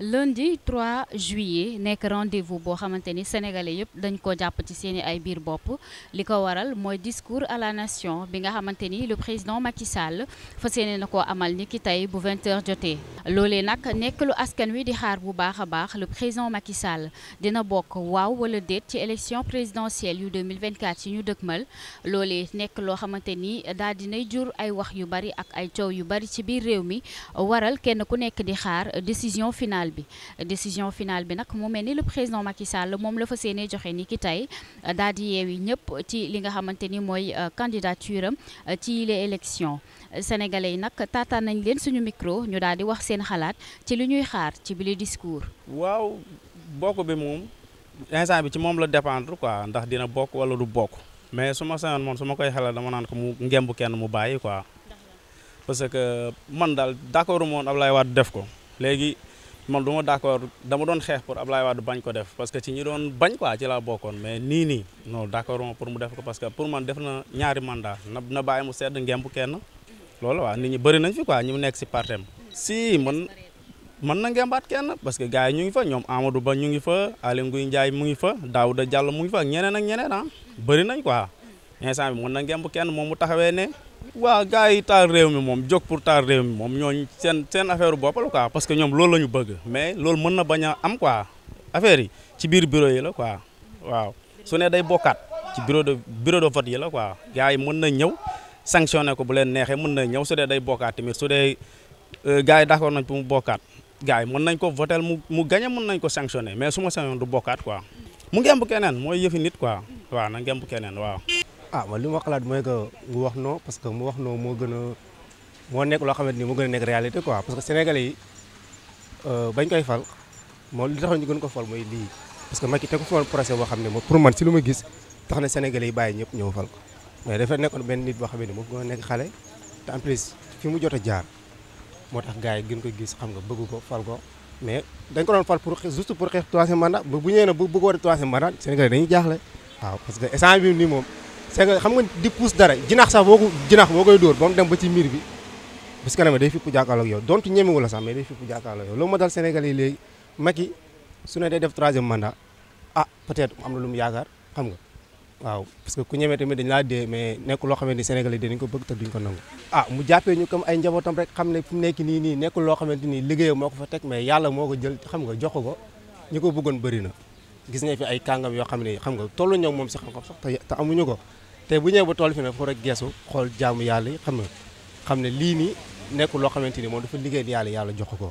lundi 3 juillet Nek rendez-vous bo xamanteni sénégalais yépp dañ ko japp ci seeni ay bir bop liko waral moy discours à la nation bi nga xamanteni le président Macky Sall fas nako amal ni ki bu 20h joté lolé nak nek lu askan wi di xaar bu le président Macky Sall dina bok waw wala ci élection présidentielle yu 2024 ci ñu dëgmal lolé nek lo xamanteni ni daal dinay jur ay wax yu bari ak ay ciow yu bari ci bir réew mi waral kenn ku nek di xaar décision finale. finale bi décision finale bi nag mu mel ni le président Macky moom la fa seenee joxe ni ki tey daal di yeewi ñëpp ci li nga xamante ni mooy euh, candidature am euh, ci les élections sénégalais yi nag taataan nañ leen suñu micro ñu daal di wax seen xalaat ci li ñuy xaar ci bile discours. waaw bokk bi moom instant bi ci moom la dépendre quoi ndax dina bokk wala du bokk. mais su ma sañoon moom su ma koy xelal dama naan ko mu ngemb kenn mu bàyyi quoi. parce que man man du ma dama doon xeex pour Ablaye Wade bañ ko def parce que ci ñi doon bañ quoi ci laa bokkoon mais nii nii non d'accord ma pour mu def ko parce que pour man def na ñaari mandat na na bàyyi mu sedd ngemb kenn loolu waa nit ñi bëri nañ fi quoi ñu nekk si partem si man mën na ngembaat kenn parce que gars ñu ngi fa ñoom Amadou Ba ñu ngi fa Aly Ngouille Ndiaye mu ngi fa Daouda Diallo mu ngi fa ak ñeneen ak ñeneen ah bëri nañ quoi instant bi mën na ngemb kenn moom mu taxawee ne waaw gars yi taal réew mi moom jóg pour taal réew mi moom ñooñu seen seen affaire bopp la quoi parce que ñoom loolu la bëgg mais loolu mën na bañ am quoi affaire yi ci biir bureau yi la quoi waaw su ne day bokkaat ci bureau de vote yi la quoi gars yi mën na ñëw sanctionné ko bu leen neexee mën na ñëw su dee day bokkaat tamit su dee euh, gars yi d'accord nañ pour mu bokkaat gars yi mën nañ ko votel mu mu gagné mën nañ ko sanctionné mais su ma sañoon du bokkaat quoi mu ngemb keneen mooy yëfi nit quoi waaw na ngemb keneen waaw. ah man li ma xalaat mooy que mu wax non parce que mu wax non moo gën a moo nekk loo xamante ni moo gën a euh, moom li taxoon ñu gën ko fal mooy lii. parce que Macky tegu fi woon procès boo xam ne moom pour man si lu ma gis tax na sénégalais yi bàyyi ñëpp ñëw fal ko mais dafa nekkoon benn nit boo xam ne moom gën a nekk xale te mu jot a jaar moo tax gars yi gën ko gis xam nga bëgg ko fal ko. mais dañ ko doon fal pour juste pour xeex troisième bu ñëwee na bu bëggoon troisième mandat sénégalais dañuy jaaxle waaw parce que instant nii moom. c'est xam nga di puus dara jinax sax boo ko jinax boo koy dóor ba mu dem ba ci miir bi bis ka ne day fipp jàkkaarloo ak yow donte ñemewu la sax mais day fipp jàkkaarloo ak yow ne day def troisième mandat ah peut-être am na lu mu yaakaar xam nga waaw parce que ku ñemee tamit dañ laa dee mais nekkul loo xamante ni Sénégal yi dañ ko bëgg te duñ ko nangu ah mu jàppee ñu comme ay njabootam rek xam ne fu mu nekk nii nii nekkul loo xamante ni liggéeyam moo ko fa teg mais yàlla moo ko jël xam nga jox ko ñu ko bëggoon bëri na gis nga fi ay kàngam yoo xam ne xam nga tollu ñoom moom si xam ko te bu ñëwee ba toll fi ne foo rek xool jaamu yàlla yi xam xam ne lii nii nekkul loo xamante ni moom dafa liggéeyal yàlla yàlla jox ko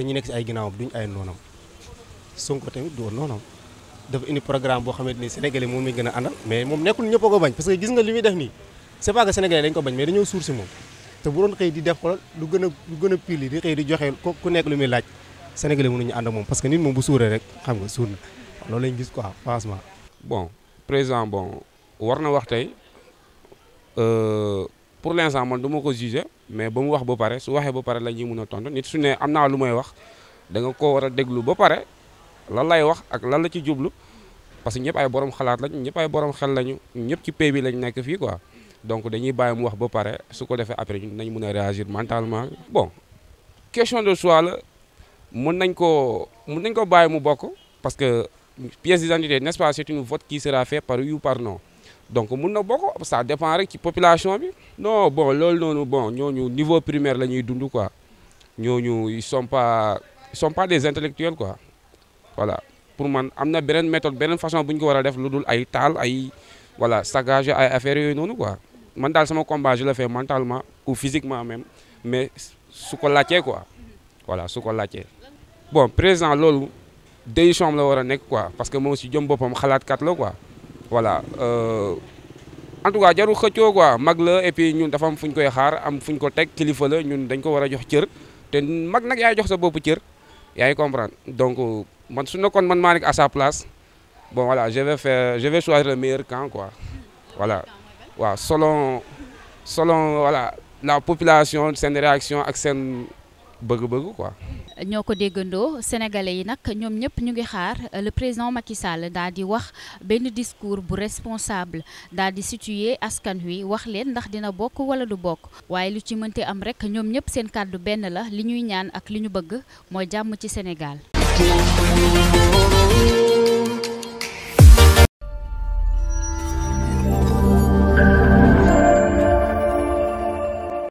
ñu nekk si ay ginnaawam duñ ay noonam Sonko tamit du woon noonam dafa indi programme boo xamante ni sénégalais moom mi gën a àndal mais moom nekkul a ko bañ parce que gis nga li muy def nii c'est pas que dañ ko bañ mais dañoo suur si moom te bu doon xëy di def xoolal lu gën a lu gën a pili di xëy di joxe ku nekk lu muy laaj sénégalais mënuñu ànd moom parce que nit moom bu suuree rek xam nga suur na loolu lañ gis quoi franchement. bon président bon war na wax tey euh, pour l'instant man du ma ko juger mais ba mu wax ba pare su waxee ba pare la ñuy mën a tontu nit su ne am naa lu may wax da nga koo war a déglu ba pare lan lay wax ak lan la ci jublu parce que ñëpp ay borom xalaat lañ ñëpp ay borom xel lañu ñëpp ci pays bi lañ nekk fii quoi donc dañuy bàyyi mu wax ba pare su ko defee après nañ mën a réagir mentalement. bon question de choix la mën nañ koo mën nañ ko bàyyi mu bokk parce que pièce d'identité n'est-ce pas c'est une vote qui sera fait par oui ou par non donc ça dépend qui la population non bon lol, non, bon niveau primaire là, nous, quoi nous, ils sont pas sont pas des intellectuels quoi voilà pour man y a une méthode une façon de faire ko choses, def lu ay ay voilà sagage ay affaires yooyu noonu quoi man dans sama combat je le fais mentalement ou physiquement même mais sous ko quoi voilà sous ko bon présent, lol, décision la wara quoi parce que la voilà euh, en tout cas jaru quoi mag la et puis ñun dafa am koy xaar am ko kilifa la ñun dañ ko jox donc man à sa place bon voilà je vais faire je vais choisir le meilleur camp voilà selon selon voilà la population sen réaction ak sen bëgg-bëgg quoi. ñoo ko déggandoo sénégalais yi nag ñoom ñëpp ñu ngi xaar euh, le président Macky Sall daal di wax benn discours bu responsable dal di situer askan wi wax leen ndax dina bokk wala du bokk waaye lu ci mënti am rek ñoom ñëpp seen kàddu benn la li ñuy ñaan ak li ñu bëgg mooy jàmm ci Sénégal.